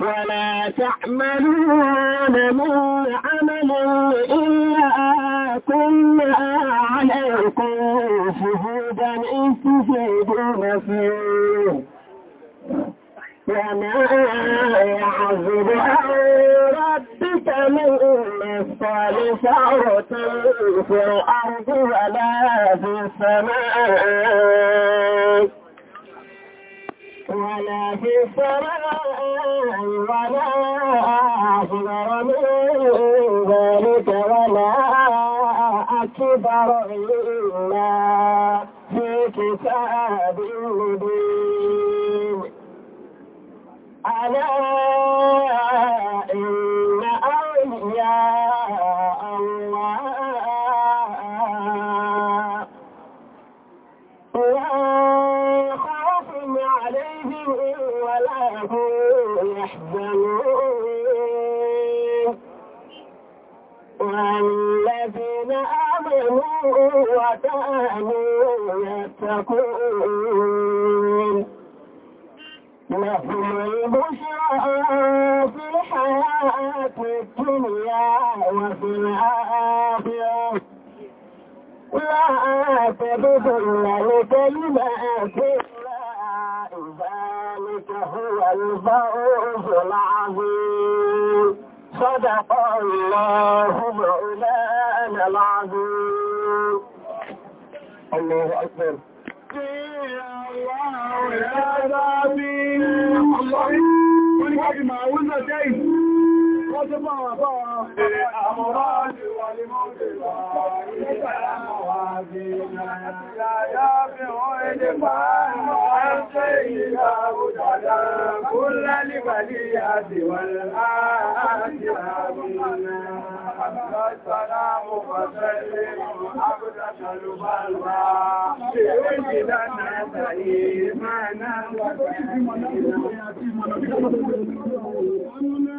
ولا تعملون من عمل إلا كنا عليكم شهودا إن تفيدون فيه وما يعذب ربك من مثقال في الأرض ولا في السماء ولا في السماء ولا أصغر من ذلك ولا أكبر إلا في كتاب مبين ألا إن وكانوا يتقون لهم البشرى في الحياة الدنيا وفي الآخرة لا تبذل لكلمات الله ذلك هو الفوز العظيم صدق الله مولانا العظيم Allahu akbar. Wọ́n ni káàkiri máa wúzọ̀ jẹ́ ìjọ máa bá àmọ́rá lè wà lè mọ́ lè wà nígbà àmọ́ wà bí i àti àyá bí wọ́n ẹni bá ẹ̀ṣẹ́ ìlà òjòdá kó lálìbàlì àdìwọ̀n láti àbúnà Àbúrásàlámù pàtẹ́lẹ̀ àbúrásàlùbálùbá, ṣe ó jìdá náà tàyè máa náà wà pẹ̀lú ìmọ̀lá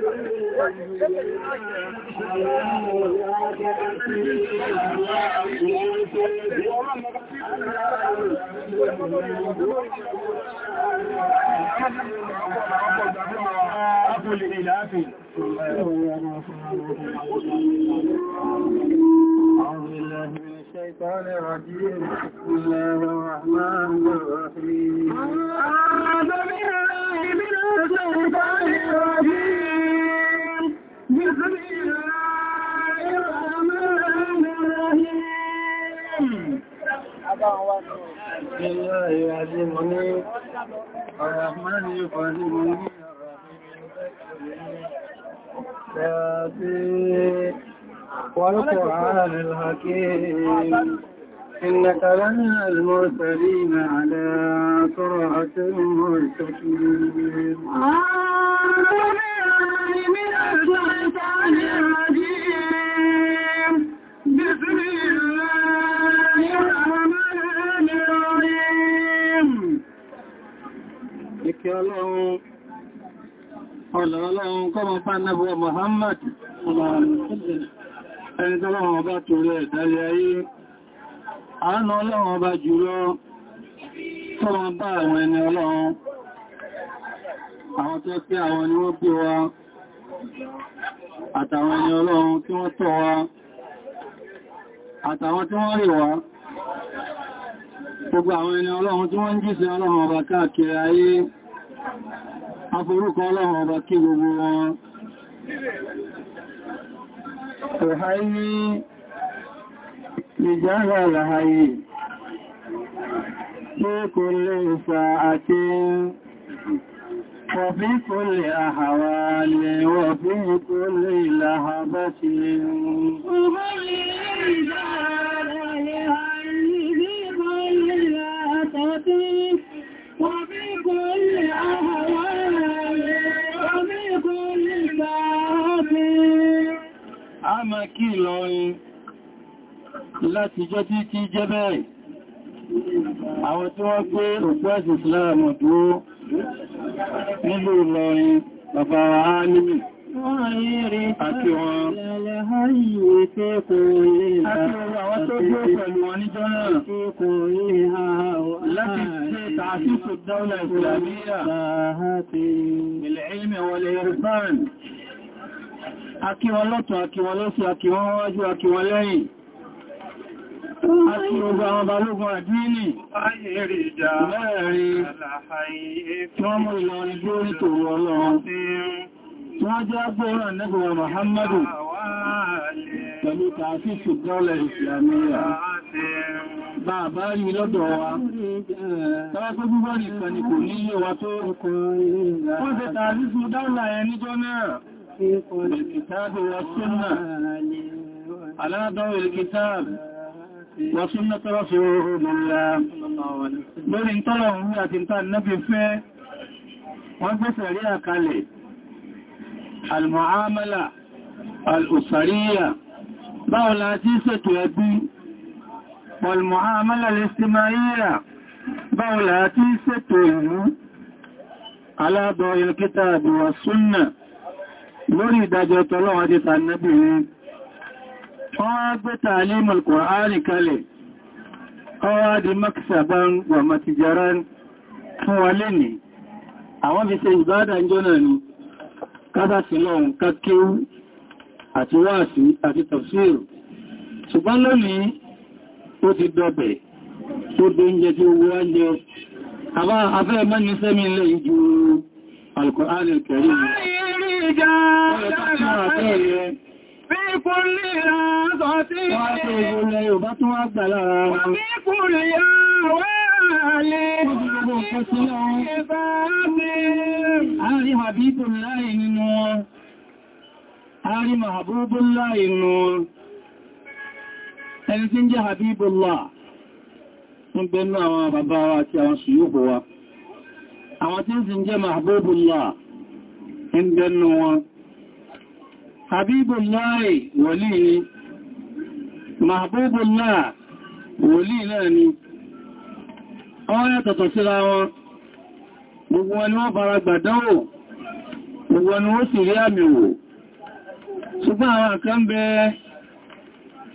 الرحيم أعوذ بالله من الشيطان الرجيم بسم الله الرحمن الرحيم بسم الله يعزمني الرحمن يفهمني الرحيم والقرآن الحكيم إنك لنا المرسلين على صراحة المرسلين آمين من أجل ìkẹ́ ọlọ́run ọ̀lọ̀ ọlọ́run kọ́ ọba ọba jùlọ tọ́wọ́ bá àwọn ẹni ọlọ́run àwọn tó àwọn ni wọ́n pè wá. àtàwọn ẹni ọlọ́run tí wọ́n tọ́ wá. àtàwọn tí wọ́n wá. gbogbo àwọn ẹni ọlọ́run tí wọ́n jíṣẹ́ Aforúkọ ọlọ́run ọba kí gbogbo wọn. Tòháyí ìjára àlàáyé tí kò lè sà àti وفي كل أحوال وفي كل لحظة وفي كل àmà kí Ìlọrin láti jọ tí tí jẹ́ bẹ́ẹ̀ àwọn tí wọ́n gbé òkú ẹ̀sìn Islam dúró nílò Ìlọrin bàbá alìmì àti wọn àwọn láti ṣe tààfífò dáúlà ìsìlámíyà ilẹ̀ ilmi wọlé irfan akíwọn lọ́tún akíwọn lọ́sí akíwọn wájú akíwọn lẹ́yìn àti ogun àwọn balógun àdínì mẹ́rin tí wọ́n mú Ìlọrin bí orí pẹ̀lú tààfí ṣùgbọ́lẹ̀ ìsìlámíyà bàbá rí lọ́dọ̀ wa tọ́wọ́pẹ́ gbígbọ́ nìkan ni kò ní ilé wa tó wọ́n tẹ́ tààfí ṣùgbọ́lẹ̀ ẹnijọ́ náà توفيق الكتاب والسنة على ضوء الكتاب وسنة رسول الله lórí tọ́lọ̀run ní àti ìta nábi fẹ́ wọ́n gbẹ́sẹ̀ rí àkalẹ̀ al-mu'amala al-usariya báwọn láti ṣètò ẹbí wal-mu'amala al-istimaiya báwọn láti ṣètò ìlú alábọ̀ ilkítà àbúwà súnnà lórí ìdájọ́ tọ́lọ́wọ́ dé ta nábì ní wọ́n gbé tààlímul Kùránì kalẹ̀ ọwá di maksaban wà matijaran fún wa lè ní àwọn fi ṣe ìbádà jọna ni kásásílọ́un kákéwú àti wáàsí àti tafsiru ṣùgbọ́n lónìí ó ti dọ̀bẹ̀ tó dóúnjẹ ìjà Bíkúnlé lásọ̀ tí wá tó ìwòlẹ̀ yóò bá tún wá gbà lára wọn. Bíkúnlé àwẹ́ àlè gbogbo nǹkan sí lọ́wọ́. A rí Habibu láì nínú wọn, a rí Mahabubu láì nínú wọn. Ẹni tí ń jẹ́ Habibu láà gbẹ́nú àwọn bàbá wa àti àwọn ṣùyúkọ wa. Àwọn tí ń sì jẹ́ Mahabubu ń bẹnu wọn Habibullahi wòlí ni Mahbubullah wòlí náà ni ọwọ́ yàtọ̀tọ̀ síra wọn gbogbo wọn ni wọ́n fara gbàdánwò gbogbo wọn ni wọ́n sì rí àmì wò ṣùgbọ́n àwọn kan bẹ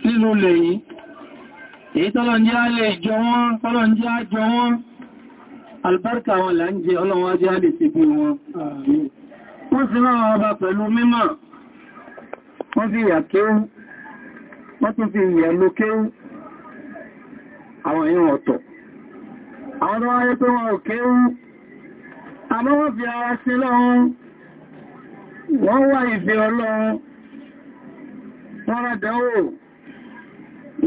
nínú lẹ́yìn èyí tọ́lọ̀njẹ́ alẹ́ ìjọ wọn tọ́lọ̀njẹ́ àjọ wọn albarka wọ́n sì náà ọba pẹ̀lú mímọ̀ wọ́n fi yà kéwú wọ́n tún fi yà ló kéwú àwọn èèyàn ọ̀tọ̀ àwọn tó wáyé pé wọ́n ò kéwú àmọ́ wọ́n fi ara sí lọ́run wọ́n wá ìfẹ́ ọlọ́run wọ́n rádánwò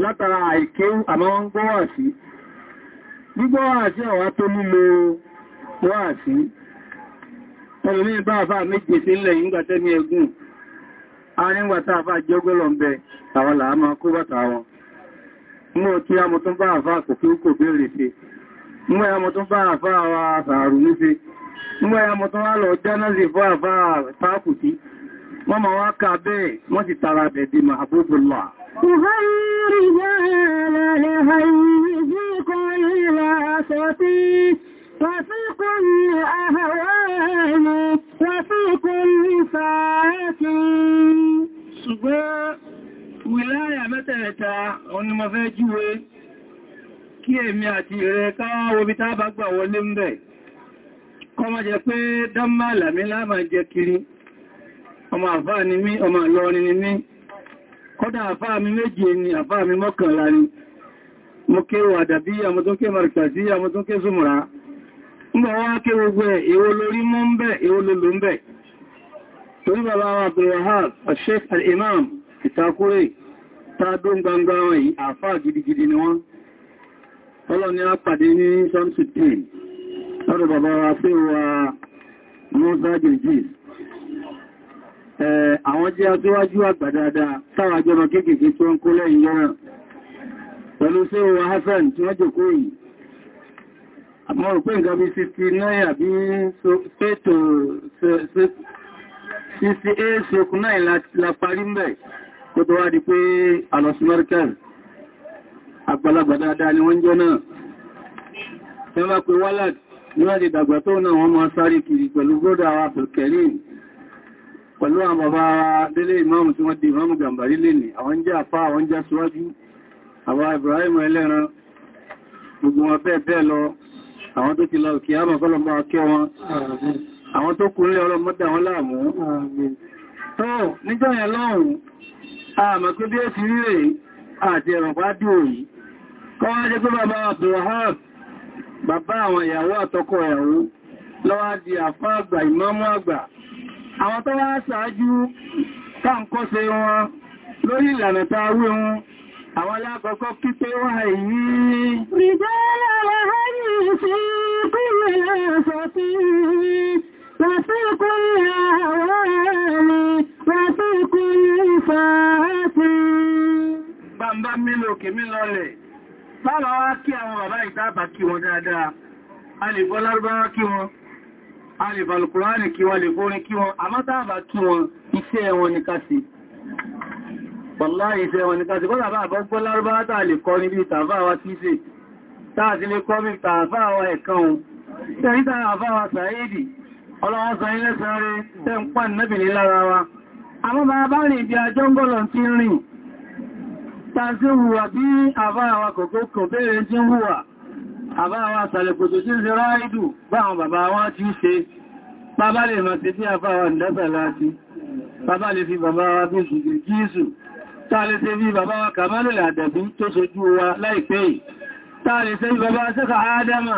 látara àìkéwú àmọ́ wọ́n gbọ́wà ẹlùmí bá àfà méje sí ilẹ̀ ìgbàtẹ́mí ẹgùn aríngbàtà àfà jẹ́gọ́lọ̀ ń bẹ àwọn làámà kó bàtà wọn mú kí a mọ̀ tún bá àfà kò kí bèèrè sí mú ẹ mọ̀ tún bá àfà wa àtàrù ní sí mú ẹ mọ̀ tún wá lọ jánásì fún àfà fákùtì wọ́n ma wá ká bẹ́ẹ̀ wọ́n ti tara bẹ̀dì وفي كل أهوان وفي كل ساعة ṣùgbọ́n wìláyà mẹ́tẹ̀ẹ̀ta ọ̀nà mọ̀ fẹ́ júwe kí èmi àti rẹ̀ káwọ́ bí tábà gbà wọlé ń bẹ̀ kọmọ jẹ pé dánmà àlàmí láàmà jẹ kiri ọmọ àfáà ni mí ọmọ àlọ́rin ni mí kọ́dá àfáà mi méje ni àfáà mi mọ́kànlá ni mo kéwà dàbí àmọ́túnké marikàzí àmọ́túnké súnmùrà Mgbà wá kí gbogbo ẹ̀, lori lórí mú ń bẹ̀, ń bẹ̀. Torí bàbá wa Abdulwahab, Sheikh Al-Imam, Ìtakúrè, gbangba wọn yìí, àfáà gidigidi ni wọ́n. Ọlọ́ ni a pàdé ní Samsudin, lọ́dọ̀ Pẹ̀lú sí Hassan tí wọ́n yìí, mo rò pé nǹkan bí 69 àbí fẹ́tò 68 sókún náà la parí mẹ́ kó tó wá di pé alọ́sùmọ́ríkàn àgbàlagbà dáadáa ni wọ́n jẹ́ náà tí wọ́n pè wálàd níwájì dàgbà tó náà wọ́n máa sáré kiri pẹ̀lú gbọ́dọ̀ àwọn abdulkarim pẹ̀lú àwọn bàbá délé ìmáàmù Ibrahim ẹlẹ́ran gbogbo wọn bẹ́ẹ̀ bẹ́ẹ̀ lọ àwọn tó ti lọ kí á mọ̀ fọ́lọ̀ máa kí wọn àwọn tó kú nílé ọlọ́mọdé àwọn láàmú tó níjọ́yẹn lọ́hùn àmọ̀ pé bí ó ti ríre àti ẹ̀rọ̀pá dí òyí kọ́ wá jẹ́ pé bàbá Abdulwahab bàbá àwọn ìyàwó àtọkọ ìyàwó lọ́wọ́ di àfá àgbà ìmámù àgbà àwọn àwọn alákọ̀ọ́kọ́ pípé wà yìí rìbáyà wà hàní sí kúrò lọ́sọ̀ tí wàtíkùnrin àwọn ẹ̀rẹ́ wàtíkùnrin ìfàátì bàmbá mílòkè mílọ́lẹ̀ báwọn wá kí àwọn bàbá ìtàbà kí wọn dáadáa a lè bọ́ lárúbáwá kí wọn a lè kí wọn lè bórin kí wọn àmọ́tàbà wọn iṣẹ́ wọn ní Pọ̀lá ìfẹ́ wọn ni ká ti kọ́ tàbá àbọ́gbọ́ lárúbá tàà lè kọ́ níbi tàbá wa tí ṣe, táà ti lè kọ́ mi tàbá wa ẹ̀kan ohun. Tẹ́rí tàbá wa sàáìdì, ọlọ́wọ́ sọ ilẹ̀ sáré tẹ́ ń pà nẹ́bìnì lára wa. Àmọ́ bá bá rìn ibi àjọ́ ń gọ́lọ̀ tí a rìn. Tàà sí hùwà bí àbá wa kòkó kò bèèrè tí ń hùwà. Àbá wa sàlẹ̀kòtò sí ṣe ráìdù bá àwọn bàbá wa ti ṣe. Bàbá lè mọ̀ sí tí àbá wa láti. Bàbá lè fi bàbá wa bí ṣùgbẹ̀ Jésù tààlẹ̀ ṣe bí bàbá wa Kamalul Adabi tó ṣojú wa láìpẹ́ yìí tààlẹ̀ ṣe bí bàbá sẹ́kà Ádámà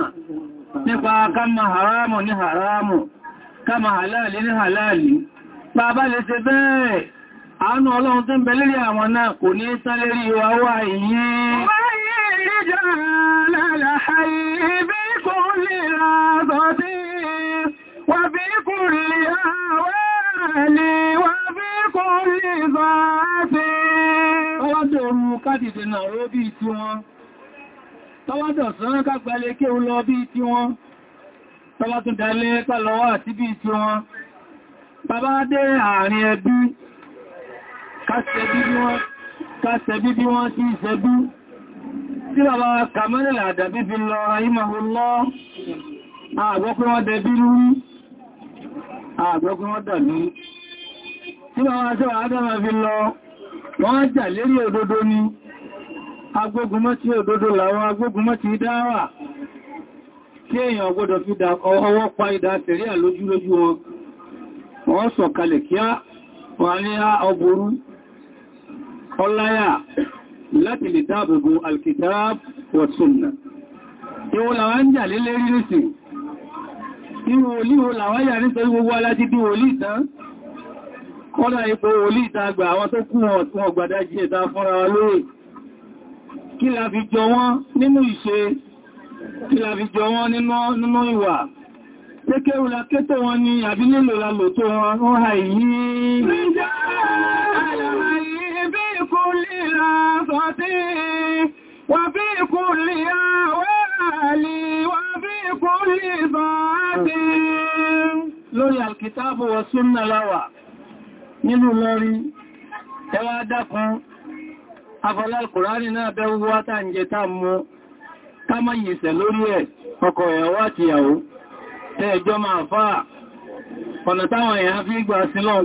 nípa kama haramu ní haramu kama halali ní halali bàbá lè ṣe bẹ́ẹ̀ àánú ọlọ́run tó ń bẹ lérí àwọn náà kò ní sálérí wa kúrò lè àwẹ́ أهلي وفي كل ذاتي Ọdọ̀rùn kádìdì náà ró bí ti wọn, tọ́wọ́dọ̀ sọ́rọ́ kàgbàlẹ̀ kí ó lọ bí ti wọn, tọ́wọ́dún dalẹ́ pàlọ́wọ́ àti bí ti wọn. Bàbá dé àárín ẹbí, kásẹ̀bí bí wọ́n ti ṣẹbí, tí bàbá kàmẹ́lẹ̀ àdàbí fi lọ ayímahùn àgbọ́gbọ́n wọ́n dàlú tí wọ́n wá sọ́wọ́ adára fi lọ wọ́n jà lérí òdodo ni agbógunmọ́ tí òdodo làwọn agbógunmọ́ tí dáwà tí èèyàn gbọ́dọ̀ fi ọwọ́ pa ìdá tẹ̀rí àlójú lójú wọn wọ́n sọ kalẹ̀ kíá wà ní ọgbòrú ọláyà láti lè dáàbòbò alkitab wa sunna ìwọ̀n làwọn jà lérí nísìnyí irú olí o làwáyà nítorí gbogbo aláti bí olí ìtàn kọ́nà ipò olí ìtàn àgbà àwọn tó kú ọ̀tún ọgbàdá jí ẹ̀ta fúnra wa kí la fi jọ wọ́n nínú ìṣe kí la fi jọ wọ́n nínú ìwà kékeré kétò wọn ni àbí nílò la tó wọn ó ha yìí Ìjọ́ bí kú lílà sọ́tí, wà kúrì ìbáàdì lórí alkitabu wa súnnà láwà nínú lórí ẹwà dákun afọlá alkùránì náà bẹ́wọ́ wátà ń jẹ táà mú ká má yìísẹ̀ lórí ẹ̀ ọkọ ìyàwó àti ìyàwó ẹjọ́ máa fáà ọ̀nà táwọn èèyàn fi gbà sí lọ́n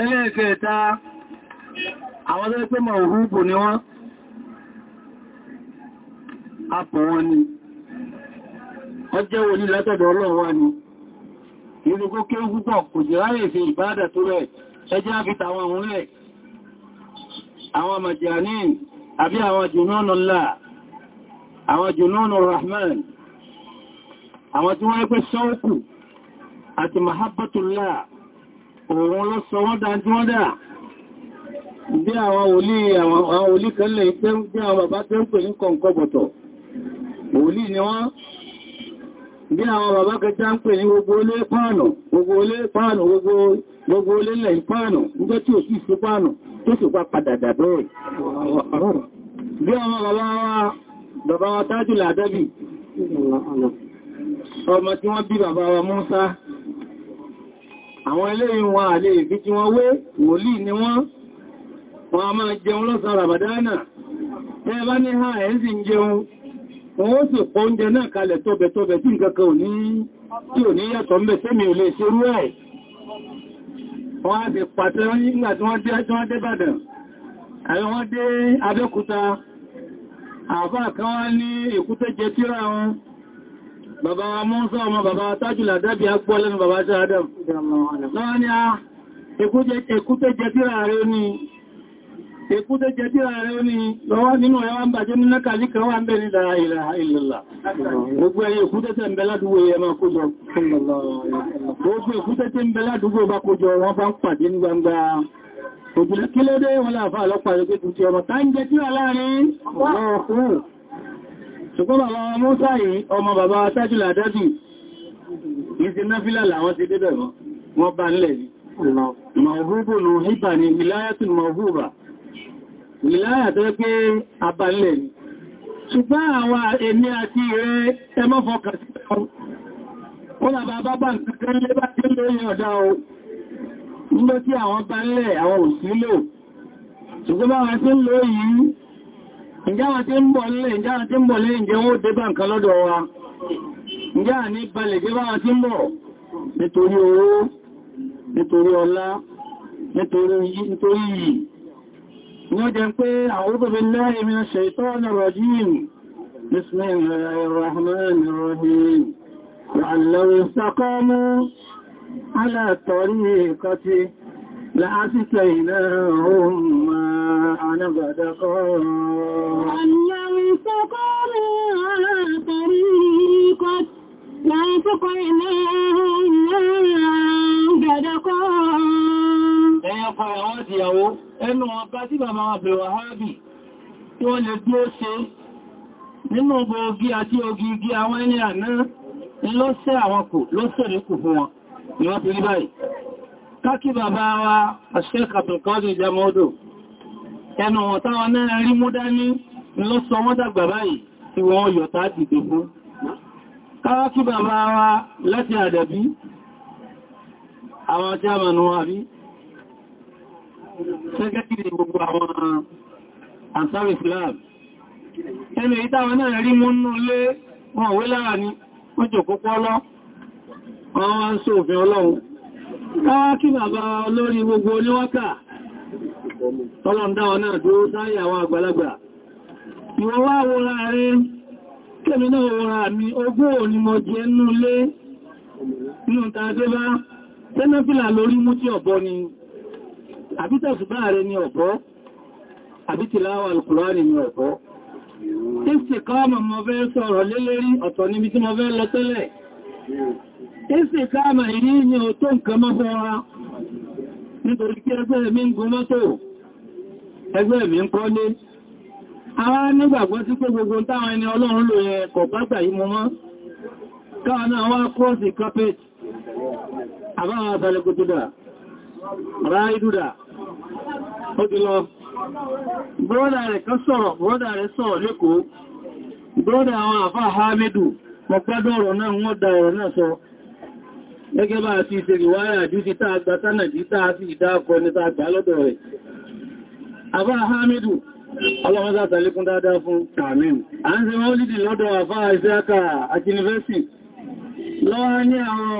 ẹlẹ́ẹ̀kẹta àwọn tó pé mọ̀ òhúrùkù ni wọ́n apọ̀ wọn ni ọjọ́ òní látọ̀dọ̀ ọlọ́wà ni ìrùkú kí ó púpọ̀ kò jẹ́ ráyè fi ìbádà tó rẹ̀ ẹjẹ́ àfíta àwọn òun rẹ̀ àwọn màjàní àbí àwọn jùnúnù Allah àwọn jùnúnù Rahman àwọn tí wọ́n pẹ́ sọ́ọ̀kù àti mahabbatullah òun ló sọ wọ́n dájú wọ́n dà bí àwọn wòlí àwọn wòlí kẹlẹ̀ ìpẹ́ bí àwọn bàbá tẹ́ ń pè ní kọ̀ǹkọ̀bọ̀tọ̀ wòlí ni wọ́n bí àwọn bàbá kẹta ń pè ní gbogbo olé pàànù gbogbo olé pàànù gbogbo olé lẹ̀ pàànù nígbẹ́ tí ò sí sí pàànù tó sì pa padà dàbẹ́ẹ̀ bí àwọn bàbá wa bàbá wa tájù làdábì ọmọ tí wọ́n àwọn eléyìn wọn àlè ìbí tí wọ́n wé wòlíì ni wọ́n wọ́n a máa jẹun lọ́sàn Ramadana tẹ́ bá ní ha ẹ̀ sì ń jẹun wọ́n ó sì pọ́ oúnjẹ náà kalẹ̀ tóbẹ̀ tóbẹ̀ tí nǹkankan òní ò ní yàtọ̀ ṣe ẹ̀ ti bàbá wa Mùsá ọmọ bàbá tájùlà dábí agbọ́ lẹ́nu bàbá sáadam náà ni a èkúté jẹtíra rẹ̀ ní èkúté jẹtíra rẹ̀ ní lọ́wọ́ nínú ẹ̀ wá ń bàjẹ́ ní nákàlí kan wà ń bẹ̀ ní la ilaha illallah gbogbo ẹ̀yẹ èkúté tẹ́ ń bẹ ládúgbò yẹ máa kójọ gbogbo èkúté tẹ́ ń bẹ ládúgbò bá ṣùgbọ́n bàbá wọn Mùsá yìí ọmọ bàbá tájùlà dájù ìsìn náfílà làwọn ti débẹ̀ wọn wọ́n bá nílẹ̀ mọ̀húbù nù hìbà ni ìláyàtù mọ̀húbà ìláyàtọ́ pé abalẹ̀ ni ṣùgbọ́n àwọn èmi àti rẹ̀ ẹmọ́fọkà sí ẹ̀rọ wọ́n bàbá bábá nǹkan lébà tí ó yẹ ọ̀dá o nígbó tí àwọn bá nílẹ̀ àwọn ìjáwọn a ń bọ̀ nílé ìjáwọn tí ń bọ̀ nílé ìjẹ́ ó dé bá nǹkan lọ́dọ̀ wa ìjá ní balẹ̀ jẹ́ báwọn tí ń bọ̀ nítorí owó nítorí ọlá nítorí yìí ni ó jẹ pé a'udhu billahi minash shaitanir rajim bismillahir rahmanir ala لأسقيناهم ماء غدقا لم يسقوا طريقا لأسقيناهم ماء غدقا Ẹ̀yọ́kọ̀ àwọn ìyàwó ẹnu ọba tí bàbá wọn bèèrè wàhábì tí wọ́n lè bí ó ṣe nínú ọgbọ̀ ogi àti ogi igi àwọn ẹni àná lọ́sẹ̀ àwọn kò lọ́sẹ̀ rí kò fún wọn ni wọ́n ti rí báyìí kákí bàbá wa Sheikh Abdul Qadir Jamaudo ẹnu ọ̀táwọn náà rí mú dání lọ sọ wọ́n dàgbà báyìí tí wọ́n yọ̀tá dìde fún káwákí bàbá wa láti àdàbí àwọn tí a mọ̀ nù àbí sẹ́gẹ́kìrì gbogbo àwọn ansar Islam ẹnu wọ́n jò kókó ọlọ́ wọ́n wá ń sófin ọlọ́run kí bàbá olórí gbogbo oníwọ́kà ọlọ́ndáwọ̀ náà tó sáyé àwọn àgbàlagbà ìwọ wá wọ́ra rẹ̀ kẹ́mi náà wọ́ra mi ogún òní mọ̀ jẹ́ nú lé nínú tàbí bá tẹ́nàfílà lórí mú tí ọ̀bọ ni àbítàṣùbá rẹ̀ ni ọ̀bọ ìsìnkáàmà yìí ni ò tó nǹkan mọ́ fún wa nítorí kí ẹgbẹ́ mi ń gun mọ́tò ẹgbẹ́ mi ń kọ́lé ara nígbàgbọ́ tí pé gbogbo táwọn ẹni ọlọ́run lò yẹ kọ̀pátà yìí mọ́ káwọn àwọn àfáà hamidu ọ̀rọ̀ náà wọ́n ọ̀rọ̀ náà gẹ́gẹ́ bá ti ṣe ìwáyà àdíjì tá àgbà tánàdí tá a sì ìdákọ ní tá àgbà lọ́dọ̀ rẹ̀. Àbá Hamidu, ọlọ́mọ́sá tàlékún dáadáa fún Kàmín. A ń ṣe wọ́n lìdì lọ́dọ̀ àfá Ìṣẹ́ka àti Yunifásitì. Lọ́wọ́ ní àwọn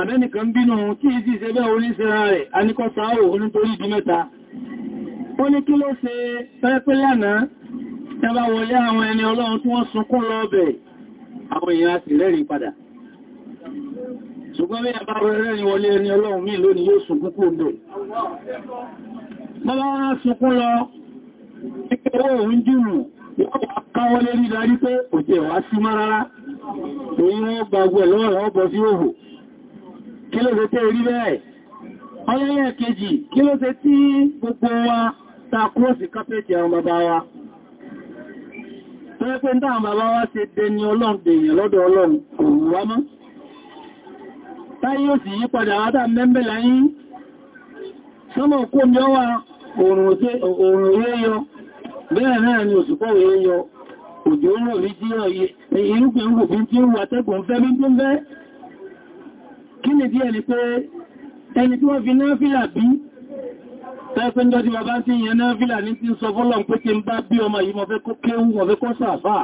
àbẹ́nìkan bínú tí ìdí ìṣẹ́bẹ́ oníṣẹ́ra rẹ̀ aníkọ́sáwò onítorí ìdí mẹ́ta ó ní kí ló ṣe pẹ́pẹ́ lánàá tẹ́bá wọlé àwọn ẹni ọlọ́run tí wọ́n sunkún lọ bẹ̀ àwọn èèyàn sì rẹ́rìn padà ṣùgbọ́n mẹ́yà bá rẹ́rìn wọlé ẹni ọlọ́run mí lónìí yóò sunkún kí ló ṣe tẹ́ rí bẹ́ẹ̀ ọlẹ́lẹ́ kí tí gbogbo wa ta kúròsì kápẹ́tì àwọn bàbá wa tẹ́ pé ń dáhùn bàbá wa ṣe dẹni dèèyàn lọ́dọ̀ ọlọ́run kò wá mọ́ táyé ò sì yí padà wádà sọ́mọ̀ kó mi ọwà yọ kí ni díẹ̀ ni pé ẹni tí wọ́n fi náàfílà bí tẹ́fẹ́njọ́ tí bàbá tí ìyẹn náàfílà ní tí ń sọ fọ́lọ̀n pé tí ń bá bí ọmọ yìí mọ̀fẹ́ kó kéwú mọ̀fẹ́ kó sàfà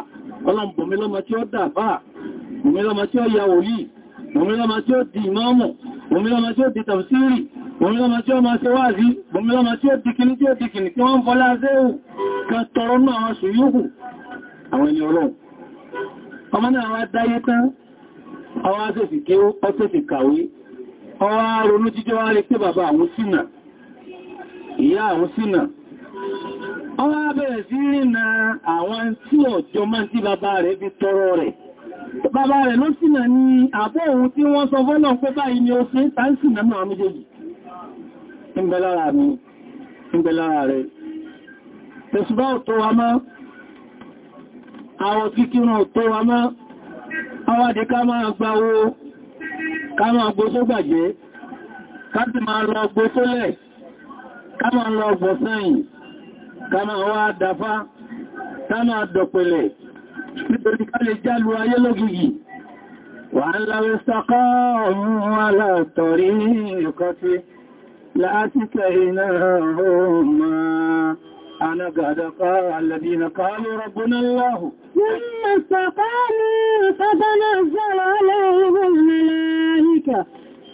ọlọ́mbọ̀mílọ́mọ tí ó dàfà òmílọ́mọ tí ó ya wòlíì òmílọ́mọ tí ó di ìmọ́ọ̀mù òmílọ́mọ tí ó di tàbísírì òmílọ́mọ tí ó máa ṣe wáàzí òmílọ́mọ tí ó di kìní tí ó di kìní tí wọ́n fọ́lá zéhù kan tọrọ náà wọn ọwá sẹ́fì kí ó sẹ́fì kàwé ọwá ronú jíjẹ́ wá rí pé bàbá àwọn sínà ìyá àwọn sínà ọwá bẹ̀rẹ̀ sí rìnà àwọn tí ọjọ́ máa tí bàbá rẹ̀ fi tọrọ rẹ̀ bàbá rẹ̀ ló sínà ní àbọ́ òun tí wọ́n sọ fọ́nà pé báyìí ni ó ṣe ń tàn sínà náà méjèèjì ń bẹ lára mi ń bẹ lára rẹ̀ tẹ̀sùbá àwọn àti ká máa gba owó ká máa gbó tó gbàjẹ́ ká ti máa lọ gbó tó lẹ̀ ká máa lọ gbọ̀ sẹ́yìn ká máa wá dáfá ká máa dọ̀pẹ̀lẹ̀ nítorí ká lè jálù ayé lógìgì wàhálà wẹ́sàkọ́ ọ̀run alátọ̀rí ẹ̀kọ́ ti أنا قد قال الذين قالوا ربنا الله ثم استقاموا فتنزل عليهم الملائكة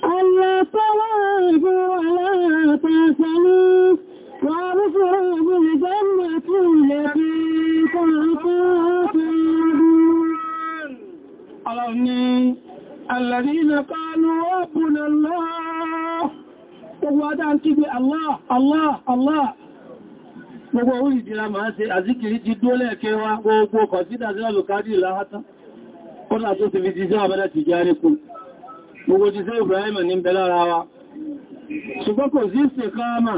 ألا تواجوا ولا تسلوا وابصروا بالجنة التي كنتم الذين قالوا ربنا الله وهو هذا الله الله الله gbogbo orí ìdíra máa ṣe àzíkiri ti dólẹ̀ kẹwa gbogbo kọ̀sídà sí alùkádì láhátá kọ́nà tó ti fi ti sẹ́wà bẹ́rẹ̀ ti járe kú gbogbo ti sẹ́ Ibrahim ní bẹ wa ṣùgbọ́n kò sí ṣe káàmà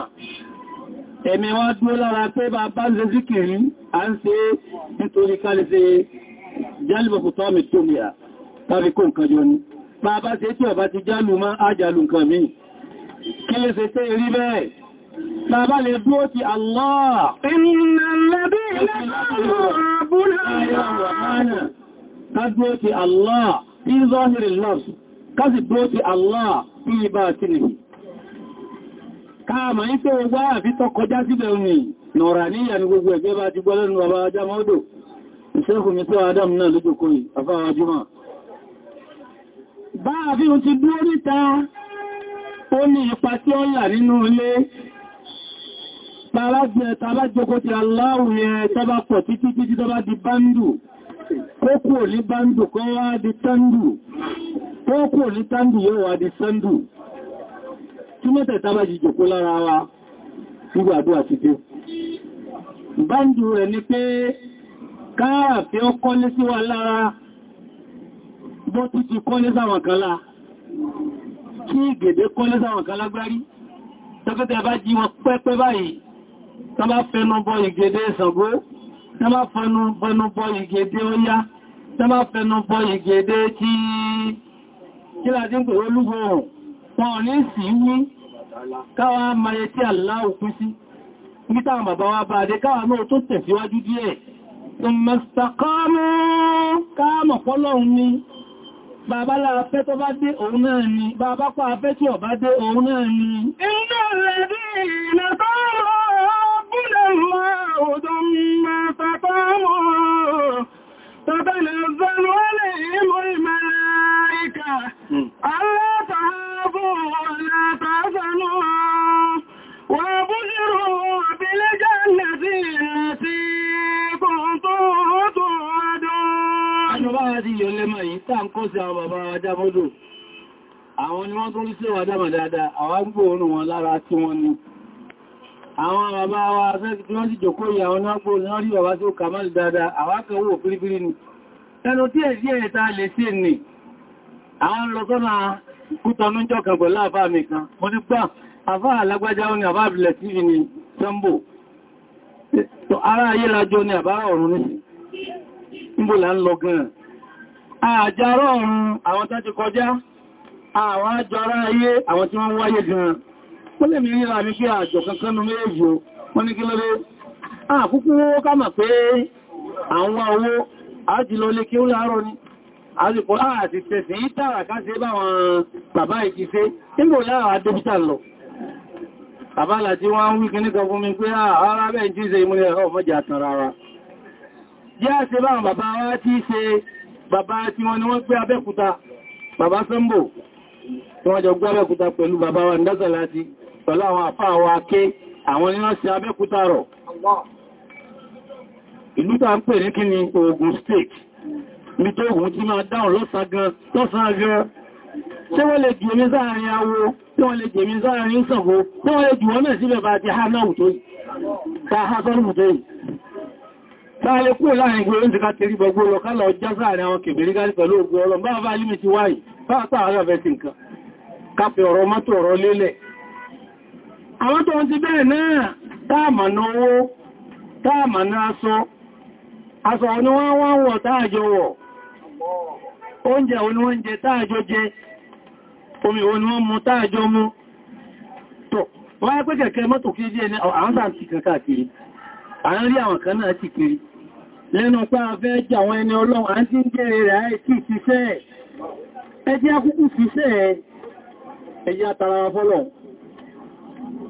ẹ̀mí wá dúó lára pé bá bá ń ṣe zíkiri à ń ṣe nítorí kálẹ̀ ṣe jálùbọ̀kùtọ́ mi tó mi à tàbí kó nǹkan jọ ni bá bá ṣe tí ọba ti jálù má ájálù nǹkan mi kí lè ṣe tẹ́ rí bẹ́ẹ̀ Bàbá lè dúó ti Allah. Inna na qalu rabbuna Rahman. Ká dúó ti Allah fi zahiri nafs. Ká Allah Ká ma ń àfi síbẹ̀ nọ̀rà gbogbo ẹgbẹ́ bá ti gbọ́ lẹ́nu bàbá ajá mọ́dò. Adam tàbájọ́kọ́ ti aláwù yẹn tọ́bá pọ̀ títí títí tọ́bá di bándù kókò ní bándù kọ́ wá di tándù kókò ní tándù yóò wá di sándù tí mẹ́tẹ̀ tàbá jí jòkó lára wa nígbà àdúrà ti dé bándù rẹ̀ ni pé káàfẹ́ ó kọ́lé sí wa lára bó ti ti kọ́lé sáwọn kan lá kí gèdè sáwọn kan lágbárí tọ́kẹ́tẹ̀ bá wọn pẹ́pẹ́ báyìí tán bá fẹnubọ ìgèdè Ṣàngó tán bá fẹnubọ ìgèdè Ọya tán bá fẹnubọ ìgèdè tí kí láti ń pè olúgbòhùn wọn ní sí wí káwà mayẹ tí aláwò pín sí nígbà bàbá wa bá dé káwà náà tó tẹ̀síwájú díẹ̀ ìmọ̀sàkọ́mù káàmọ̀ pọ́lọ́un ni bàbá láàfẹ́ tó bá dé òun náà ni bàbá pàáfẹ́ tí ó bá dé òun náà ni inú rẹ̀ bí ìlẹ̀ tó rọ̀ يقبل الله ثم فقاموا تتنزل عليهم الملائكة ألا تهابوا ولا تهزنوا وبشروا بالجنة àwọn ni wọ́n tó ń ṣèwà dámà dáadáa, àwọn ń wọn lára tí wọ́n ni àwọn bàbá wa tí wọ́n sì jòkó ìyà wọn náà gbóòrùn náà rí bàbá tí ó kà máa dáadáa àwákan owó pírípírí ni ẹnu tí èsí ẹ̀ta lè sí ni àwọn lọ sọ́nà kútọnújọ́ kan pẹ̀lú àfáà mi kan mo ti gbà àfáà alágbájá ó ní àbá àbìlẹ̀ tv ni sambo ara ayé lájọ ni àbá ọ̀run ní níbò là ń lọ gan àjárọ̀ ọ̀run àwọn tó ti kọjá àwọn àjọ ara ayé àwọn tí wọ́n wáyé gan-an ó lè mi rí ra ní pé àjọ kankan ní méjì o wọ́n ní kí lọ́lé àkúkú owó ká mà pé àwọn owó àjílọ lé kí ó láàárọ̀ ní àjíkọ̀ àti tẹ̀sìn yí tààrà ká sí báwọn bàbá ìkíṣẹ́ nígbò láàrá adébítà lọ bàbá láti wọ́n ń wí kí níkan fún mi pé ara bẹ́ẹ̀ tí ṣe ìmúlẹ̀ ẹ̀họ́ mọ́jà tàn rárá jẹ́ àṣẹ Sambo wọ́n jọ gbé Abẹ́òkúta pẹ̀lú bàbá wa ń dásà láti pẹ̀lú àwọn àpá àwọn ké àwọn oníránsìn Abẹ́òkúta rọ̀ ìlú ta ń pè ní kí ni ogun steeti ní tó ogun tí máa dáhùn lọ́sàn gan lọ́sàn gan ṣé wọ́n lè jèmí sáàrin awo tí wọ́n lè wọ́n lè wọ́n náà kúrò láàrin ká gbogbo sáàrin àwọn kèbèrè pẹ̀lú bá límìtì wáyìí sí àwọn tó ń ti bẹ́ẹ̀ náà táàmà ní owó táàmà ní aṣọ aṣọ ni wọ́n wọ́n wọ̀ táàjọ wọ̀ oúnjẹ òní jẹ táàjọ jẹ omi wọn wọ́n mu táàjọ mú tó wọ́n yẹ́ pé kẹ̀kẹ́ mọ́tò kí jẹ́ ní àwọn kiri à ń rí àwọn ẹni à ń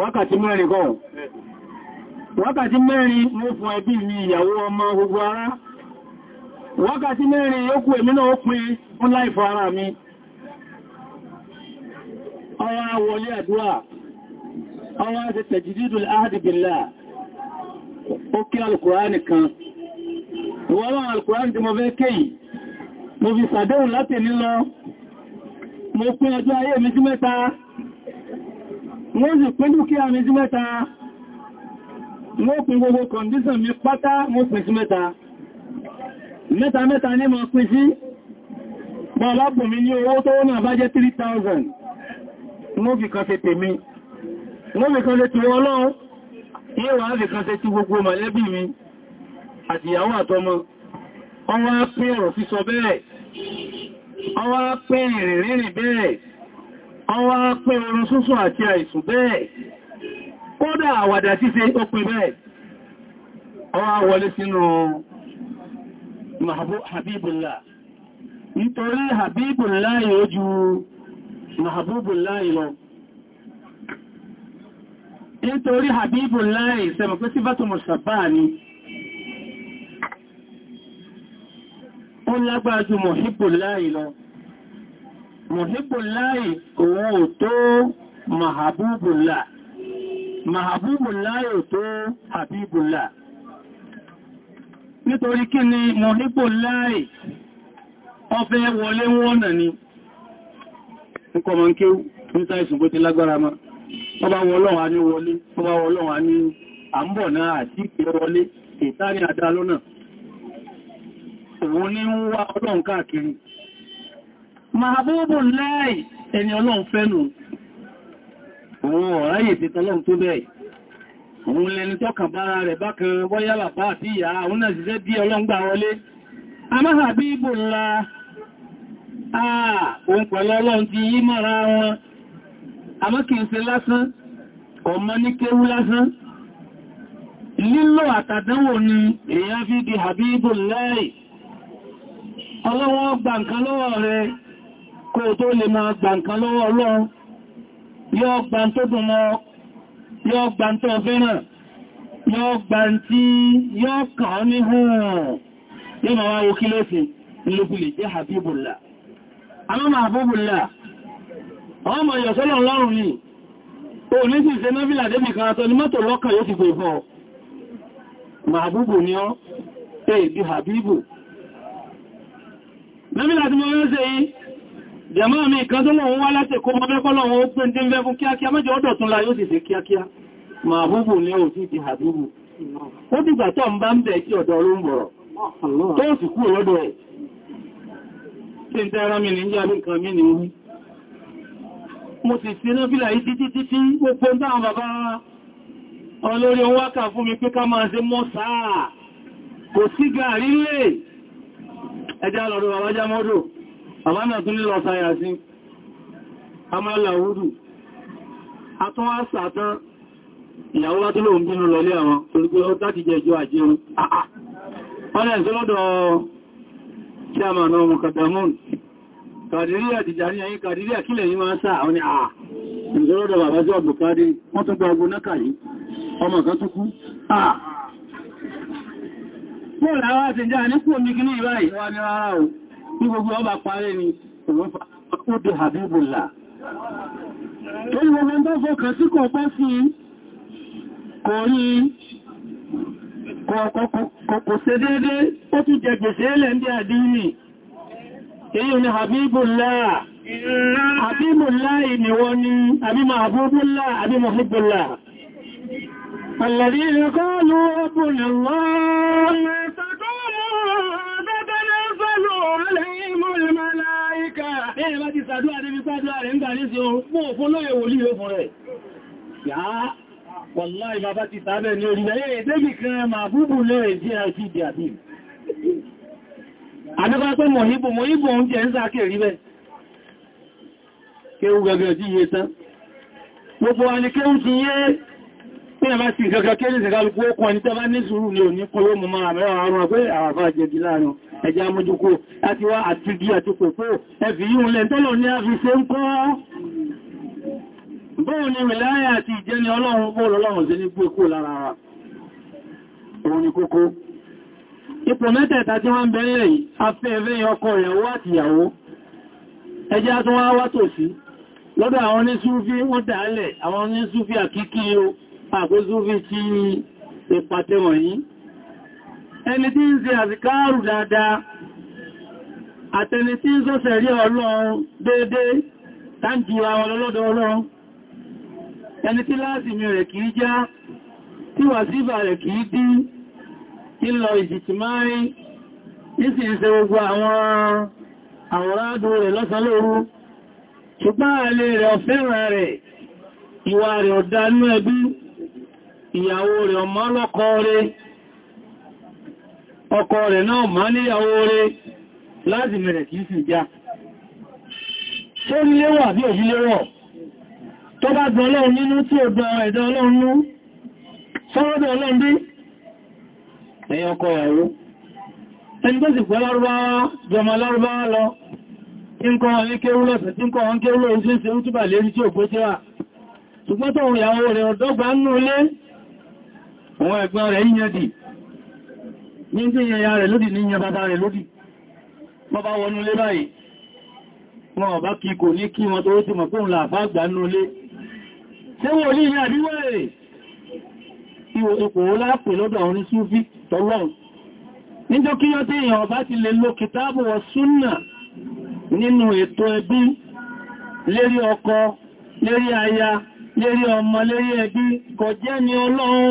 wákàtí mẹ́rin gan wákàtí mẹ́rin ní fún ẹbí mi ìyàwó ọmọ gbogbo ara wákàtí mẹ́rin yókù èmi náà ó pin fún láìfọ ara mi ọwá wọlé àdúrà ọwá ti tẹ̀jìdìdùl áhàdìbìlá ó kí kan ìwọ́n alkùránì tí mo fẹ́ kéyì mo fi sàdéhùn láti nílọ mo pín ọjọ́ ayé mi mẹ́ta wọ́n sì pín a mi sí mẹ́ta wọ́n pín gbogbo kọ̀ndíṣàn mi pátá mo pín sí mẹ́ta mẹ́ta mẹ́ta ní mo pín sí bọ́ọ̀lápù mi ní owó tó náà bá jẹ́ 3000 mo fi kan ṣe tèmi mo fi kan ṣe ti ọlọ́run ní wà fi kan ṣe ti gbogbo mọ̀lẹ́bí mi àtìyàwó àtọmọ ọwọ́ pín ọ̀rọ̀ sísọ bẹ́ẹ̀ ọwọ́ àwọn apẹ́ orun súnsùn àti àìsùn bẹ́ẹ̀ kódà àwàdà títí ó pè bẹ́ẹ̀ àwọn wọlé sínú Habibullah nítorí Habibullah yóò ju Mahabubullah lọ nítorí Habibullah ìsẹ́mọ̀ pé sífàtò mọ̀sàbá ni ó lágbára ju Muhibbullah lọ mùhìbùláì òun ò tó màhàbúbùlá màhàbúbùláì ò tó hàbíbùlá nítorí ni mùhìbùláì ọfẹ́ wọlé wọ́nà ni ní nkí níta ìsùn bó ti lágbára ma ọba ní wọlé ọba wọlọ́wà ní àmbọ̀ náà àti ìpẹ́ wọlé ìtàrí àdá lọ́nà mahabubu láì ẹni ọlọ́run fẹ́nu àwọn ọ̀ráyè ọrụ tọ́lọ́run tó bẹ́ẹ̀ òun lẹni tọ́kàn bára rẹ̀ bákan bọ́yálà bá àti ìyá àwọn náà ṣiṣẹ́ bí ọlọ́ngbà wọlé ọlọ́run lílò àtàdánwò ni èèyàn fi di habibu láì ọlọ́wọ́ gbà nǹkan lọ́wọ́ rẹ̀ kó tó lè máa gbà nǹkan lọ́wọ́ ọlọ́run yóò gbà tó dùn mọ́ yóò gbà tó fẹ́ràn yóò gbà tí yóò kàn ọ́ ní hùn yóò máa wáwo kí lóòsì nílùkulè jẹ́ Habibullah àmọ́mà Habibullah ọmọ ìyọ̀sọ́lọ̀ lọ́rùn ni o ní sí ìṣẹ́ náfílà débì kan àtọ́ ní mọ́tò lọ́kàn yóò ti gbé fọ́ ni ọ́ èdè Habibu náfílà tí mo rẹ́ jẹ̀mọ́ mi kan tó lọ́wọ́ wá láti kó mọ́ mẹ́kọ́ lọ́wọ́ ó pín dín mẹ́fún kíákíá mẹ́jọ ọdọ̀ tún láyé ó sì sí kíákíá ma búbù ní òsì ti hàbúbù ó dìgbà tó ń bá ń bẹ̀ tí ọ̀dọ̀ ló ń bọ̀rọ̀ tó sì kú lọ́dọ̀ ẹ̀ tí ń tẹ́ra mi ní ń jábí nǹkan mi ní wí mo sì sí náà bílà yìí títí títí gbogbo ń dáhùn bàbá olórí ohun wákà fún mi pé ká máa ṣe mọ́ sáà kò sí gàrí lè ẹjá lọ́dọ̀ bàbá jámọ́dọ̀ àmánà tún lílọ sáyà sí amọ́lá wúdù a tún wá sàtán ìyàwó wá tó lóòm bínú lọlé àwọn torípé ó tàbí jẹjọ àjẹun wọ́n lẹ́ ìṣẹ́lọ́dọ̀ chairman ọmọ kadamun kàdìríyà tìjàrí ayé kàdìríyà kílẹ̀ yí máa sáà wọ́n ni àà ìṣẹ́lọ́dọ̀ bàbá jọ bùkádì wọ́n tún gba ogun náà kàyí bí gbogbo ọba parẹ́ ni òun ó di Habibullah tó ń gbogbo tó fọ́kàn sí kò pẹ́ sí kò rí kò ṣe déédé ó tún jẹ gbèsè ilẹ̀ ndí àdínì èyí ni Habibullah Habibullah ìníwọ́ ni àbí Mahbubullah àbí Muhibbullah الذين قالوا ربنا الله màláíkà ẹ̀yẹ bá ti sàdúwà níbi pé mọ̀híbò mọ̀híbò ń jẹ́ ń sákèrí bẹ́ kéwú gẹ́gẹ́ tí yé tán gbogbo wa ni kéwú ti yé pẹ́yà bá ti gẹ́gẹ́ kéwú ìsẹ̀kálùkú ó kọ́ ẹni tẹ́ bá ní sùúrù ní òní kó máa mẹ́wàá ẹjá mójúkó láti wá àti gí àti pòpó ẹfì yíò lẹ́ tọ́lọ̀ ní a fi ṣe ń kọ́ bóò ni wìláyà àti ìjẹni ọlọ́run bóò lọ́lọ́run sí ní gbókó lára wa òun ni kókó ipò mẹ́tẹ̀ẹ̀ta tí wọ́n bẹ̀rẹ̀ yìí lọ́dọ̀ àwọn onísúfí wọ́n dálẹ̀ àwọn onísúfí àkíkí o àkósúfí ti ìpàtẹ́wọ̀n ẹni tí ń ṣe àzìkáàrù dáadáa àtẹni tí ń sọ́sẹ̀ rí ọlọ́run déédéé táǹkìwà ọlọ́lọ́dọ̀ ọlọ́run ẹni tí láàzìmí rẹ̀ kìí já tí wà sífà rẹ̀ kìí dí kí lọ ìjìtìmárí ìsì ìṣẹ́ gbogbo àwọn àwọ̀rádù rẹ̀ lọ́sàn lóru ṣùgbọ́n àlè rẹ̀ ọ̀fẹ́ràn rẹ̀ ìwà rẹ̀ ọ̀dánú ẹbí ìyàwó rẹ̀ ọmọ ọlọ́kọ rẹ̀ ọkọ rẹ̀ náà máa níyàwó rẹ̀ láti bẹ̀rẹ̀ kìí sì já ṣé níléwà bí òjìléwọ̀ tó bá gbọ́ ọlọ́run nínú tí ó gbọ́ ẹ̀dọ́ ọlọ́run nú sọ́rọ́dọ̀ ọlọ́run bí ẹ̀yìn ọkọ ìyàwó ẹni tó sì pẹ́ lárúbáwá jọmọ lárúbáwá lọ tí ń kọ́ wọn ní kéwú lọ́sẹ̀ tí ń kọ́ wọn kéwú lóòrùn sí ṣe ń túbà lérí tí ò pé tí wà ṣùgbọ́n tó ìyàwó rẹ̀ ọ̀dọ́gbà ní tí yẹn ya rẹ̀ lódì ní yẹn bàbá rẹ̀ lódì bàbá wọnú lé báyìí wọn ọ̀bá kí kò ní kí wọn tó ti mọ̀ fún làfá àgbà nú lé tí wọ́n ní ní àdíwọ̀ rẹ̀ ìwò ipò láàpè lọ́dọ̀ àwọn onísúfí tọ́lọ́run níjọ́ kí yọ́ tí èèyàn ọba ti lè lo kìtàbù wọ súnnà nínú ètò ẹbí lérí ọkọ lérí aya lérí ọmọ lérí ẹbí kò ni ọlọ́run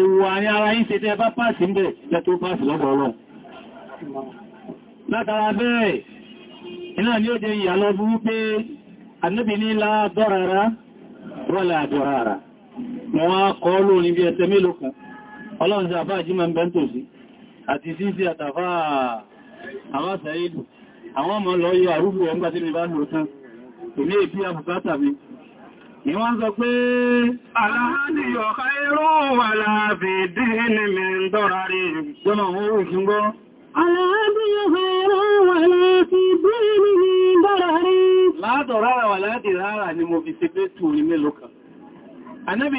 òwò àrin ara yín ṣe tẹ́ bá pàṣì ń bẹ̀ jẹ́ tó pàṣì lọ́dọ̀ Ọlọ́run látara bẹ́ẹ̀ iná ni ó jẹ ìyàlọ́ burú pé annabi ní láàdọ́rara wọ́lá àdọ́rara mọ́ wá kọ́ lórí bí ẹsẹ mélòó kan Ọlọ́run sí àbá àjímọ̀ bẹ́ntòsí àti sínsí ni wọ́n sọ pé aláàdìyọ̀ ẹ̀rọ wà láàbì dínì mi ń dọ́ra rí gbọ́nà owó ìṣúgbọ́ aláàdìyọ̀ ẹ̀rọ wà láàbì dínì mi ń dọ́ra rí látọ̀ rárá láti rárá ni mo fi ṣe tù ní mélòó kan anábì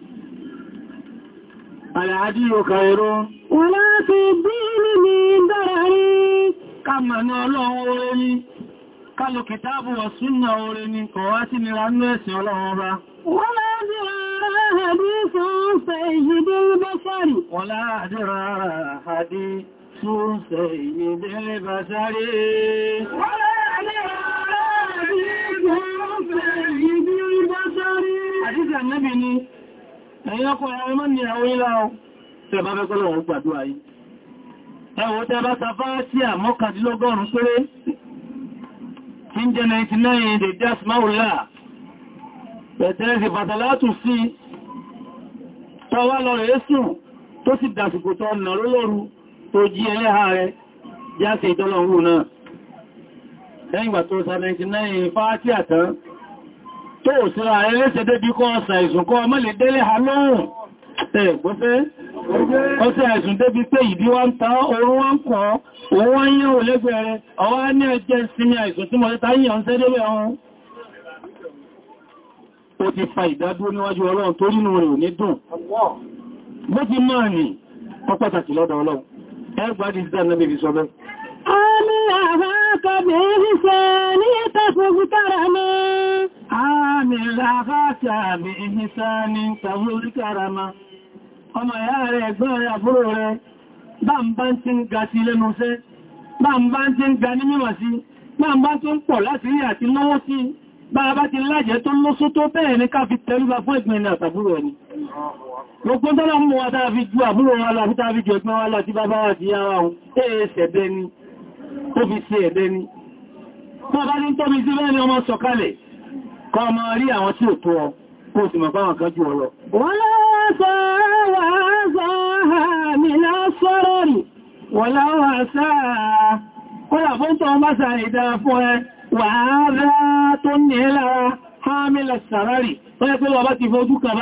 Àlàádìí ò kàrò. Wọ́n láti bí nínú dára rí. Kàmà ní ọlọ́run oore ni. Kálò kìtàbù wà súnnà oore ni kọ̀ wá sí nira ní ẹ̀sìn ọlọ́run ọba. Wọ́n láti rárá àdísùn sẹ̀yìdé bẹ́sàrì. Wọ́n láti Ẹwọ́ tẹ́ bá safá sí àmọ́kàndínlọ́gọ́rùn péré tí ń jẹ 99 dè jẹ́ Asmaulá, pẹ̀tẹ́ sí bàtàlátù sí tọwá lọ rẹ̀ sùn tó sì dàsìkò tọ nà lólóru tó jí ẹlẹ́ha rẹ̀ jẹ́ àṣẹ ìtọ́lọ̀ tó òsìnra ẹlẹ́sẹ̀ débi kọ́ ọ̀sà ìsùn kọ́ ọmọ lè délé ha lóhùn ẹgbọ́fẹ́ ọ̀sà ìsùn débi pé ìdí wá ń ta orún wá ń kọ́ òun wá ń yẹ̀wò lẹ́gbẹ̀ẹ́ rẹ̀ ọwá ní ẹjẹ́ ìsinmi àìsùn tí mọ̀lẹ́ta yíyàn ń sẹ́dẹ́lẹ̀ ọ̀hún ó ti fa ìdádúró níwájú ọlọ́run tó nínú rẹ̀ ò ní dùn bó ti máa nì ọ pàtàkì lọ́dọ̀ ọlọ́run ẹgbàdì ìsìdá náà bèbí sọ bẹ́ Àmì àwọn akọ̀bẹ̀ ìrìnṣẹ́ ní ìtàṣogún tààrà náà àmìlà fàtí àmì ìhìsá ní tàbí oríkà àràmà ọmọ ìyá rẹ̀ ẹ̀gbọ́n rẹ̀ àbúrò rẹ̀ bá ń bá ń tí ń ga sí lẹ́nu iṣẹ́ bá ń bá ń tí ń ga ní mímọ̀ sí bá ń bá tó ń pọ̀ láti rí àti lọ́wọ́ sí bá bá ti lájẹ́ tó lóṣó tó bẹ́ẹ̀ ní ká fi tẹríba fún ẹ̀gbìn ní àtàbúrò ẹni gbogbo tọ́lá mú wa tàà fi ju àbúrò wa láti tàà fi ju ẹ̀gbọ́n wa láti bá bá wà sí ohun èé ṣẹ̀bẹ́ bẹ́ẹ̀ kọ́ ọmọ rí àwọn tí ò tó ọ kó sì mọ̀ báwọn kan jù ọ lọ. wọ́n lọ́sọ̀ wà sọ àmì lásọ́rọ̀ rì wọ́n láwọ́ àṣà kọ́lá ní lára hámílẹ̀ sàrárì tó yẹ pé ti fojú kan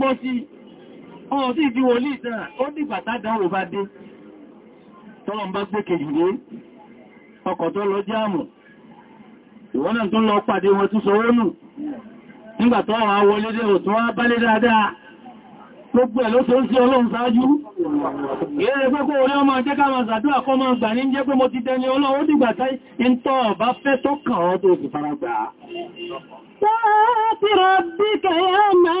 báyìí ọ̀rọ̀ sí ìdí wọlé ìsára ó ní bàtà dáwò bá dé tọ́lọ̀ bá gbé kejì ọkọ̀ tó lọ jáàmù ìwọ́n náà tó lọ pàdé wọn tún sọ tó àwọn awọlé dé òtún wá gbogbo ẹ̀ ló tó ń sí ọlọ́run sáájú ẹ̀rẹ́ gbogbo orí ọmọ jẹ́ ká máa ṣàdúrà kọ́ máa gbà ní jẹ́ pé mo ti dẹni ọlọ́run dìgbà táì ń tọ́ ọ̀bá fẹ́ tó kàn ọ́ tó sì fara gbà Tọ́ọ̀tí rọ̀bí kẹ̀yà máa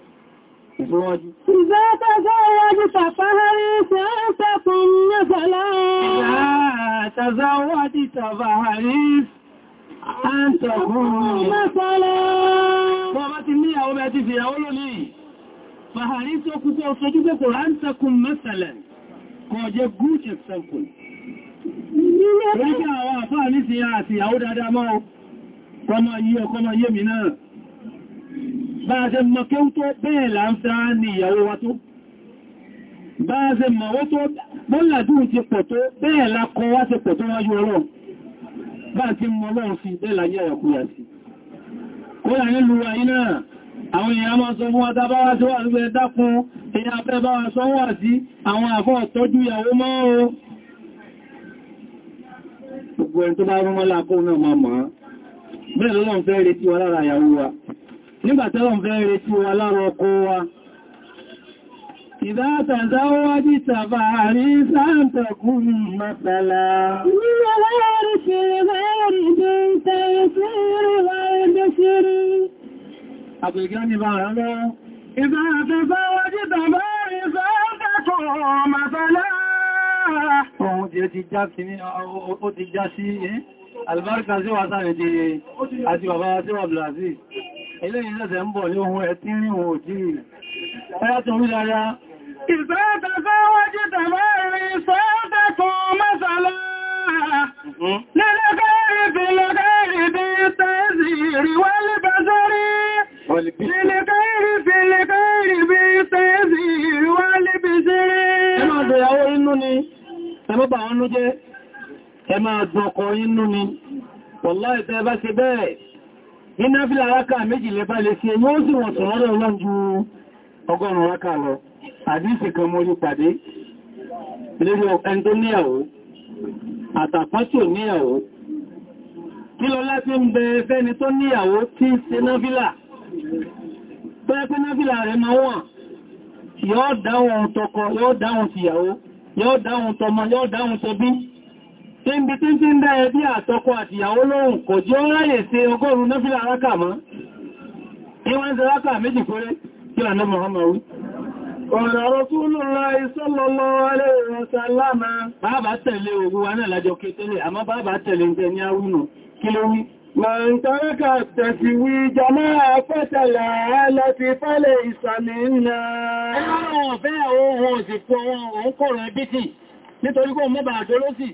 إذا تزوجت فهريس أنتكم نزلا إذا تزوجت فهريس أنتكم نزلا Bọ́bá ti ní àwọn ọmọ ẹ̀tí fìyàwó lónìí, fàhàrí tí ó kú kó sojú pẹ́kò rántakùn mẹ́sẹ̀lẹ̀, kò jẹ good example. Oríkẹ́ àwọn àfáà ní sí àti ìyàwó dáadáa mọ́ ọkọ̀ máa yí ọkọ̀ máa yé mi náà bá a ṣe mọ̀ kéhù tó bẹ́ẹ̀ láńsá ní ìyàwó wa tó bá a ṣe mọ̀ wó tó bọ́làdún ti pọ̀ tó bẹ́ẹ̀ lákọ wá ṣe pọ̀ tó wájú ọlọ́run bá ti mọ̀ ọlọ́run sí bẹ́ẹ̀ láyé àyàkúyà sí kó yà nílùú ayé náà àwọn èèyàn máa sọ fún àtàbá wá gbogbo ẹni tó bá rúmọ́lá kó náà máa mọ̀ bẹ́ẹ̀ lọ́lọ́run fẹ́ retí wa lára ìyàwó wa nígbàtọ́lọ̀ fẹ́ retí wa lára ọkọ wa ìdáta záwájí tàbà àrí sáàntàkùn mọ́sàlá Àgbègbè ní bàrá lọ́wọ́. Ìdáta záwájí tàbà àrí sáàntàkùn mọ́sàlá Òun jẹ́ ti já sí ní ó ti já sí ẹ́. Eh? Àlùbáríkà sí wà sáà Nàìjíríà àti bàbá sí wà Brazil eléyìn lẹ́sẹ̀ ń bọ̀ ní ohun ẹ̀ tí ríhun òjí ẹ̀yà tó rí dára ìfẹ́ẹ̀tẹ̀fẹ́ wájú tàbárin sọ́ọ́tẹ̀ fún mẹ́sàlá hmm? nílẹ̀kẹ́rì bí lẹ́kẹ́rì bí tẹ́sì rí wálé bá sórí nílẹ̀kẹ́rì bí lẹ́kẹ́rì bí tẹ́sì rí wálé bí sórí ẹ máa dọ̀yàwó inú ni ẹ má bà wọn nú jẹ́ ẹ máa dọ̀kọ̀ inú ni wọ̀lá ìtẹ́ bá ṣe bẹ́ẹ̀ nínú fílà rákà méjìlẹ̀ bá lè sí ẹni ó sì wọ̀n sọ̀rọ̀ ọlọ́run ju ọgọ́rùn-ún rákà lọ àdíṣì kan mo rí pàdé lérí ẹni tó níyàwó àtàpátò níyàwó kí lọ láti ń bẹ fẹ́ni tó níyàwó tí ń ṣe náfílà tó ẹ́ pé náfílà rẹ̀ tí ń bí tí ń tí ń bí àtọkọ àti ìyàwó lóhùn kò jẹ́ ó ráyè sí ọgọ́rùn náfílà aráka mọ́ ti aráka méjì pẹ́rẹ́ kí lànà mọ̀hánmàwí ọ̀rọ̀ Rasulullah sallallahu alaihi wasallam bàbá tẹ̀lé ogun wa náà tẹ̀lé ọ̀fẹ́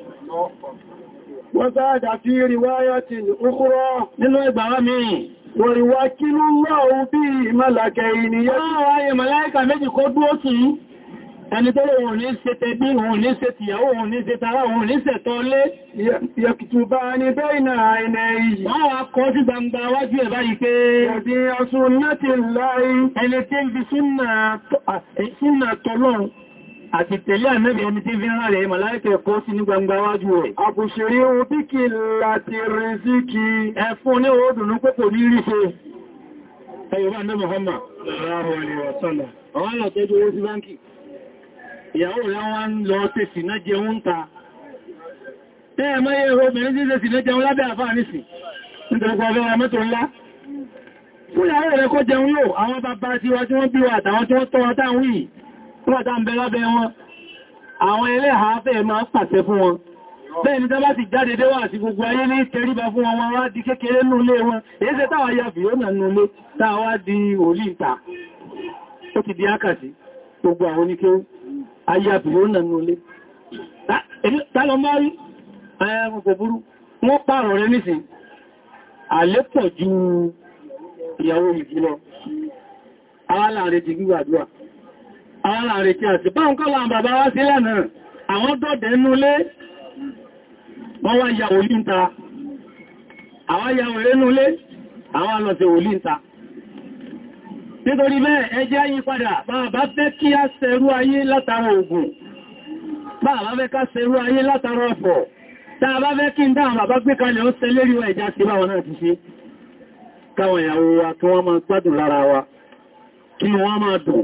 وزاد في رواية أخرى من إبرامي وَرِوَاكِلُ اللَّهُ بِهِ مَلَكَيْنِ Àwọn màláíkà méjì kó dúó sí ẹni tó lòun ní ṣe tẹbí, òun ní ṣe tìyàwó, òun ní ṣe tara, òun ní ṣe tọ́ lé. Yẹ̀kìtùbá ni bẹ́ẹ̀nà ẹnẹ yìí. Wọ́n wá kọ́ sí gbangba wájú ẹ̀ báyìí pé. Ẹ̀dí asúnnà ti láì. Ẹni tí ń fi súnnà tọ́lọ́run àti tẹ̀lé àmẹ́bẹ̀ ẹni tí fíran rẹ̀ màláìkẹ̀ kó sí ní gbangba wájú rẹ̀. àkùsìrí ohun tí kì láti rí sí kí ẹfún ní òódùnú pẹ́pò ní ríṣe ẹ̀yọ̀bá ní Muhammad láàrùn ẹ̀rẹ̀ ọ̀sọ́lá ọ̀wọ́n lọ tẹ́jú owó sí báńkì ìyàwó rẹ̀ wọ́n lọ tẹ́sì náà jẹun ta tẹ́ẹ̀ mọ́ yẹ́ obìnrin jíjẹ́ sí náà lò àwọn bàbá tí wọ́n bí wà àtàwọn tí wọ́n tọ́wọ́ táwọn yìí nígbàtà ń bẹ lábẹ́ wọn àwọn ẹlẹ́hàá fẹ́ máa pàṣẹ fún wọn bẹ́ẹ̀ ni tábá ti jáde dé wà sí gbogbo ayé ní tẹríba fún wọn wá di kékeré nú ilé wọn èyí ṣe táwà ya fìyónà nú ilé táwà di òlì ìta ó ti di ákàsí gbogbo àwọn oníké ayá fìyónà nú àwọn àrẹ̀ kí àti báwọn kọ́ láwọn bàbá wá sí lánàá àwọn dọ́dẹ̀ nú lé wọ́n wá ya òlíǹta àwọn ya òré nú lé àwọn alọ́sẹ̀ òlíǹta nítorí bẹ́ẹ̀ ẹjẹ́ ayé padà bàbá fẹ́ kí á ṣẹrú ayé látara ogun bàbá fẹ́ ká ṣẹrú ayé látara ọ̀fọ̀ tàbá fẹ́ kí ń dáhùn bàbá gbé kalẹ̀ ó ṣẹ lérí wa ìjà sí báwọn náà ti ṣe káwọn ìyàwó wa kí wọ́n máa gbádùn lára wa kí wọ́n máa dùn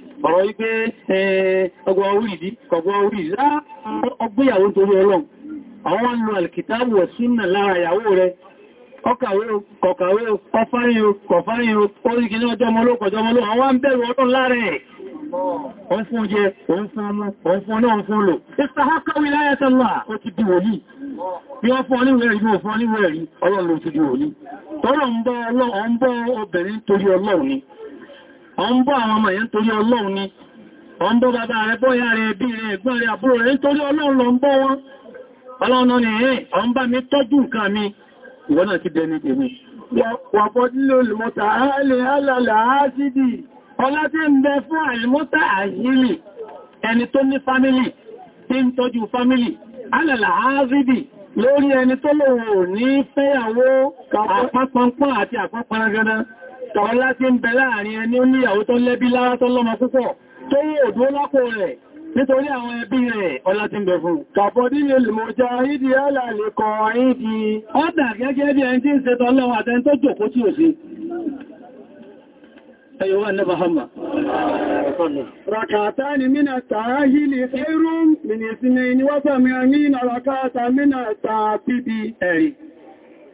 ọ̀rọ̀ wípé ọgbọ̀ orílẹ̀-èdè kọ̀gbọ̀ orílẹ̀-èdè ọgbéyàwó torí ọlọ́run àwọn wọn lọ alkitabu wa sunna lára ìyàwó rẹ̀ ọkàwé kọ̀kàwé kọfáyín kọfáyín fún fún ọmọ fún lò ó ti ọ ń bọ́ àwọn ọmọ yẹn torí ọlọ́run ni ọ ń bọ́ bàbá rẹ bọ́yá rẹ bí rẹ ẹ̀gbọ́n rẹ àbúrò rẹ nítorí ọlọ́run lọ ń bọ́ wọn ọlọ́run ni ẹ̀ ọ ń bá mi tọ́jú nǹkan mi ìwọ náà ti dẹni tèmi wọ̀pọ̀ nílò olùmọ́ta alẹ́ alàlà ásìdì ọlá tí ń bẹ lórí ẹni tó lòun ní fẹ́yàwó àpapọ̀npọ̀ àti àpapọ̀nagádá ọlá tí ń bẹ láàrin ẹni ó níyàwó tó lẹ́bí lára tó lọ́mọ púpọ̀ tó yí òdó lápò rẹ̀ nítorí àwọn ẹbí rẹ̀ ọlá tí ń bẹ fún. Kàbọ̀dí lè lò jọ ìdí ọlà lè kọ ìdí. Ó dà gẹ́gẹ́ ni mínà tààhí lè fẹ́rún,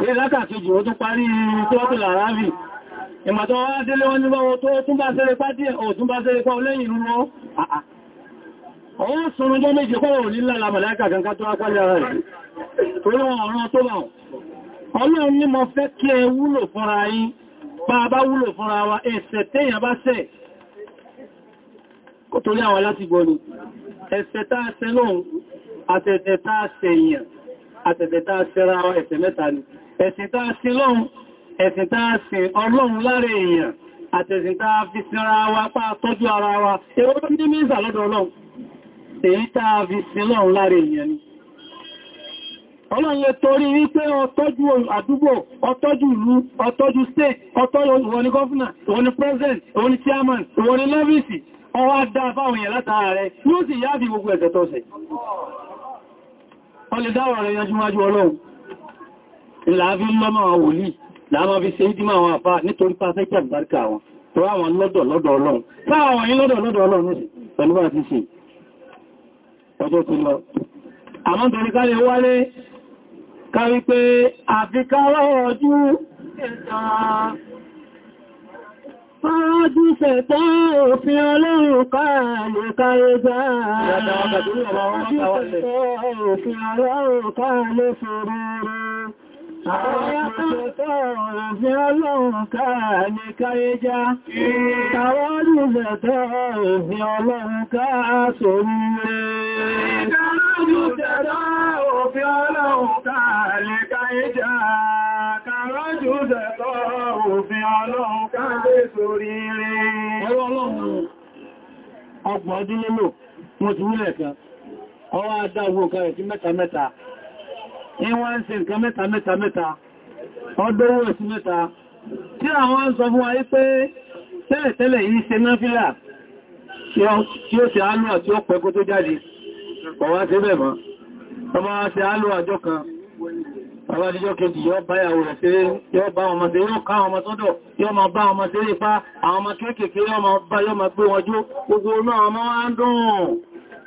ní lákàkejì ó tún parí tíwọ́tìlà ráàrí ìmọ̀tọ̀ wá délé wọn nígbà wọn tó tún bá sẹ́rẹ̀ pá díẹ̀ ò tún bá sẹ́rẹ̀ pá lẹ́yìn inú wọn ọ̀hún sọ̀rọ̀ jẹ́ méje kọ́wọ̀ nílá lamàláìkà kankan tó wápálẹ̀ ara rẹ̀ torí wọn ọ̀rọ̀ tó bá ọlọ́run ní mo fẹ́ kí ẹ wúlò fúnra yín bá bá wúlò fúnra wa ẹ̀ṣẹ̀ téèyàn bá ṣẹ̀ kó torí àwọn láti gbọ́ ni ẹ̀ṣẹ̀ tá a ṣẹ̀ lóhun àtẹ̀ẹ̀ta àtẹ̀tẹ̀ tá a ṣẹra ẹ̀sẹ̀ mẹ́ta ni ẹ̀sìn tá a sin lọ́hun ẹ̀sìn tá a sin ọlọ́run láre èèyàn àtẹ̀sìn tá a fi sinra wa pa tọ́jú ara wa èrò ní mísà lọ́dọ̀ ọlọ́run èyí tá a fi sin lọ́hun láre èèyàn ni ọlọ́run lè torí wípé ọtọ́jú àdúgbò ọtọ́jú ìlú ọtọ́jú state ọtọ́jú ìwọ ni gọ́fúnà ìwọ ni president ìwọ ni chairman ìwọ ni lọ́fíìsì ọwá dáa wọ́n lè dáwà rẹ̀ yanjú májú ọlọ́run ìlàáfí lọ́mọ àwọn wòlíì láàmà fi ṣe ìdímọ̀ àwọn àfá nítorí pàṣẹ kí àbárkà wọn tó àwọn lọ́dọ̀ lọ́dọ̀ ọlọ́run táwọn yí lọ́dọ̀ lọ́dọ̀ ọlọ́run sí pẹ̀lú bá Fáájú fẹ̀tọ́ òfin ọlọ́run káàlù káyéjá. Fáájú fẹ̀tọ́ òfin ọlọ́run káàlù fòrúurú. Àfẹ́ ọlọ́run káà ní káyé já, tàwọ́lù lẹ̀tọ́ ọgbọ̀n ọdún ti kan, ọwọ́ kan rẹ̀ sí mẹ́ta mẹ́ta. ìwọ́n ń ṣe nǹkan mẹ́ta mẹ́ta mẹ́ta ọdọ́wọ́ ẹ̀sí mẹ́ta tí àwọn ń sọ fún ayé pé tẹ́lẹ̀tẹ́lẹ̀ yìí ṣe náfílà tí ó ṣe alúwà tí ó pẹ́kó tó jáde ọwá sí bẹ̀ mọ́ ọmọ ṣe alúwà jọ kan ọwá díjọ́ kejì yọ bá ìyàwó rẹ̀ ṣeré yọ bá ọmọ ṣe yóò ká ọmọ sọ́dọ̀ yọ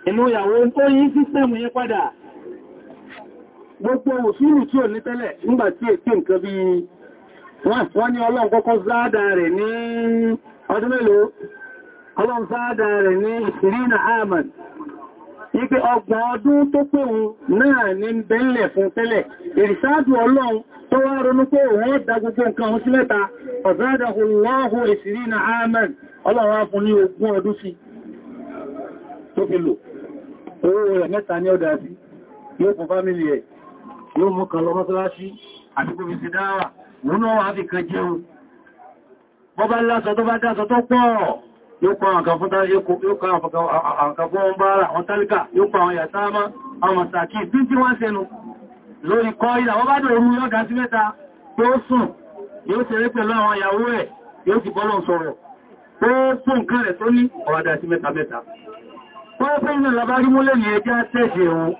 inú ìyàwó ń kó yí sísẹ̀mù yí padà gbogbo òṣúrù tí ò ní tẹ́lẹ̀ nígbà tí èké nǹkan bí wọ́n ní ọlọ́run kọ́kọ́ záádà rẹ̀ ní ọdún mélòó ọlọ́run záádà rẹ̀ ní ìrìnà ahmad ipe ọgbọ̀n ọdún tó pé òun náà ní bẹ́ẹ̀lẹ̀ fún tẹ́lẹ̀ ìrìsáàdù ọlọ́run tó wá ronú pé òun ó dá gbogbo nǹkan ohun yóò mú kan lọ mọ́sálásí àti gbogbo ti dáwà wọn náà wà fi kan jẹun bọ́ bá lásọ tó bá dásọ tó pọ̀ yóò kọ àwọn kan fún wọn bára àwọn tálíkà yóò kọ àwọn yàtámá àwọn màsàkì tí tí wọ́n sẹnu lórí kọ ìlà wọ́n bá dẹ̀ orú yóò dá sí mẹ́ta pé ó sùn yóò ṣeré pẹ̀lú àwọn ìyàwó ẹ̀ yóò ti bọ́lọ̀ sọ̀rọ̀ ó fún nǹkan rẹ̀ tó ní ẹjá tẹ́ẹ̀ṣẹ̀ ohun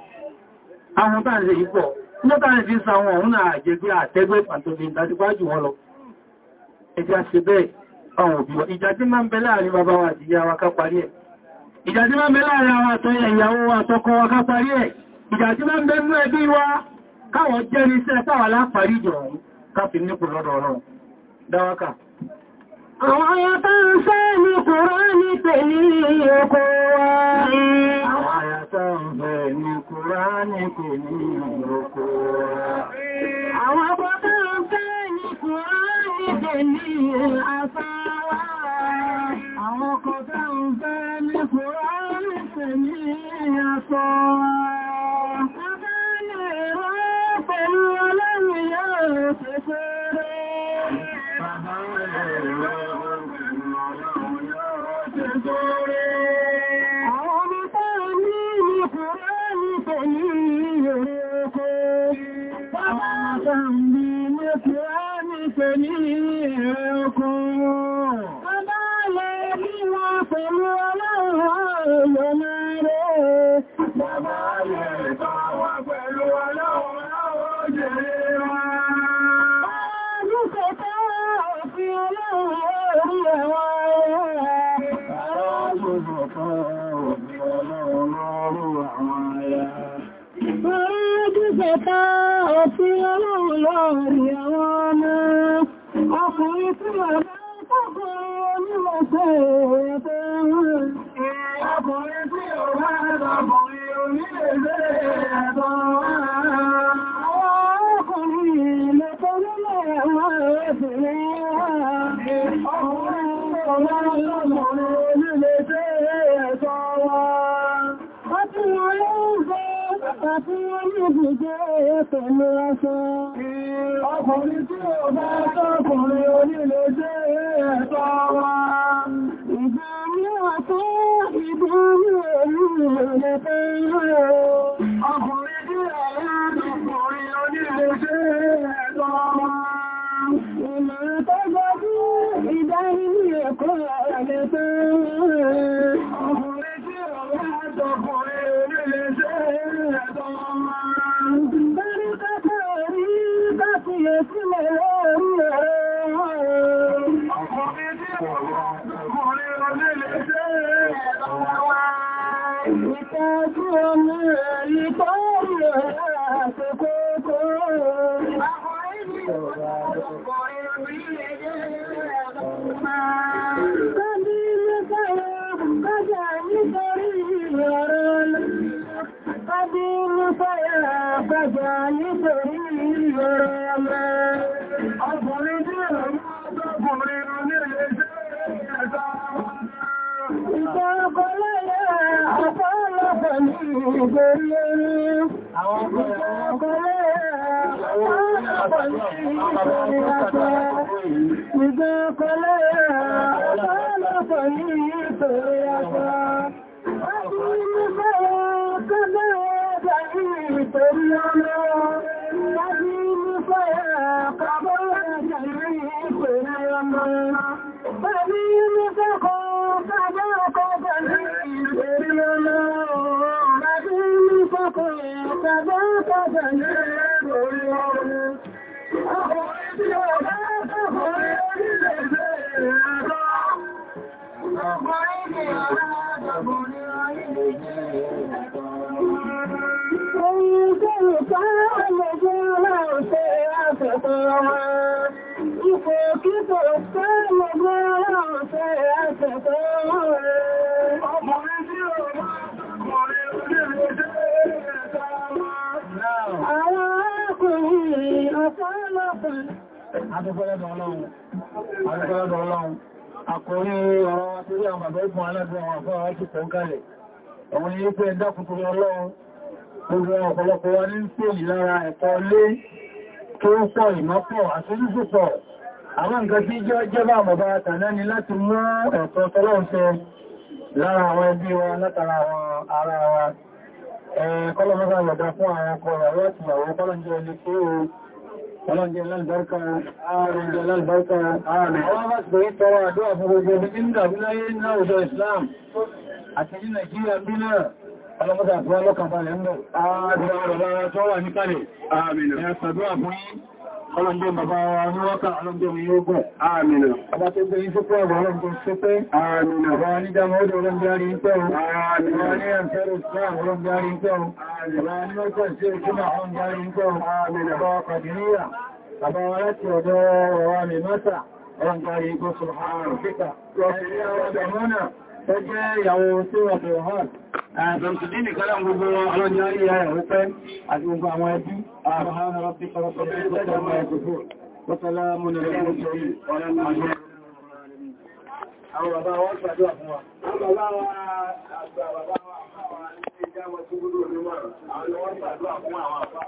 àwọn tàà ń ṣe yípo Nígbàtàrí fi ń sa àwọn òun náà àjẹgbé pàtàkì ìdájúwájú wọn lọ. Ẹjá ṣe bẹ́ẹ̀ àwọn òbí wa. Ìjà máa ń bẹ láàrin bàbá wa àti ìyá wa parí ẹ̀. Ìjà máa ń bẹ ìyàwó àtọkọ parí ẹ̀. máa ń bẹ ẹbí wa káwọn iṣẹ́ táwà láparí jọ nípò lọ́dọ̀ Dáwákà. Àwọn tó ń ní kò ní ìrọ̀kọ́. Àwọn bọ́bá ń fẹ́ ní kò ní kò ní àfáwà. Àwọn kọ̀ọ̀kọ́ ń fẹ́ ní kò ní kò ní àfáwà. Adúgbọ́lẹ́dọ̀ ọlọ́run, adúgbọ́lẹ́dọ̀ ọlọ́run, àkòrí ọ̀rọ̀ àti orí àwọn bàbá ìgbọ̀n alẹ́gbọ̀n àwọn àfẹ́ àwọn àti kọ̀ọ́kálẹ̀, ọ̀wọ̀n yìí pé ẹ̀dá kùtùrù ọlọ́run gbogbo ọ̀pọ̀lọpọ̀ wa ní ń pè lára ẹ̀kọ́ lé tó ń pọ̀ ìmọ́pọ̀ àṣírísòpọ̀ àwọn nǹkan tí jẹ́ jẹ́bà mọ̀bá tàná ni láti mú ẹ̀tọ́ tọ́lọ́ǹṣẹ́ lára àwọn ẹbí wa látara àwọn ara wa kọlọmọ́sá lọ̀dá fún àwọn ọkọ̀ rẹ̀ láti yàwó kọlọ̀njẹ́ ilé tí ó kọlọ̀njẹ́ lálbárkà ààrẹ̀njẹ́ lálbárkà ààrẹ̀ Ọlọ́mọ́ta àti wọ́n lọ́kàn balẹ̀ ń bọ̀. Ààrẹ ọ̀rọ̀ bá tó wà ní kalẹ̀. Àmìnà. Ẹ ṣàdúrà fún yí. Ọlọ́mdé bàbá wa ní wọ́kà ọlọ́mdé mi yóò gùn. Àmìnà. Ọba tó gbé yí sípò ẹ̀bọ̀ ọlọ́mdé sípé. Àmìnà. Bá ní dámọ́ ọdọ̀ ọlọ́mdé arí ń pẹ́ o. Àmìnà. Bá ní àǹtẹ́rù sí àwọn ọlọ́mdé arí ń pẹ́ o. Àmìnà. Bá ní mọ́kàn sí ìjúmọ̀ tó jẹ́ ìyàwó tí wọ́n fi hàn. Àbẹ̀mtìdí nìkan láwọn gbogbo ọlọ́jọ́ ilé ayẹ̀ wípẹ́ àti gbogbo àwọn ẹbí, àwọn ará rọ́bí ọlọ́pọ̀ ẹgbẹ̀rẹ̀ ọmọ ẹgbẹ̀rẹ̀ wọ́tọ́lá múnà ẹgbẹ̀rẹ̀ ọjọ́ Àwọn bàbá wọn ṣàdúrà fún wa. Àwọn bàbá wa àgbà bàbá wa àpá wa ní ìjáwọ̀ tó gúrò ní wà. Àwọn wọn ṣàdúrà fún àwọn àpá wa.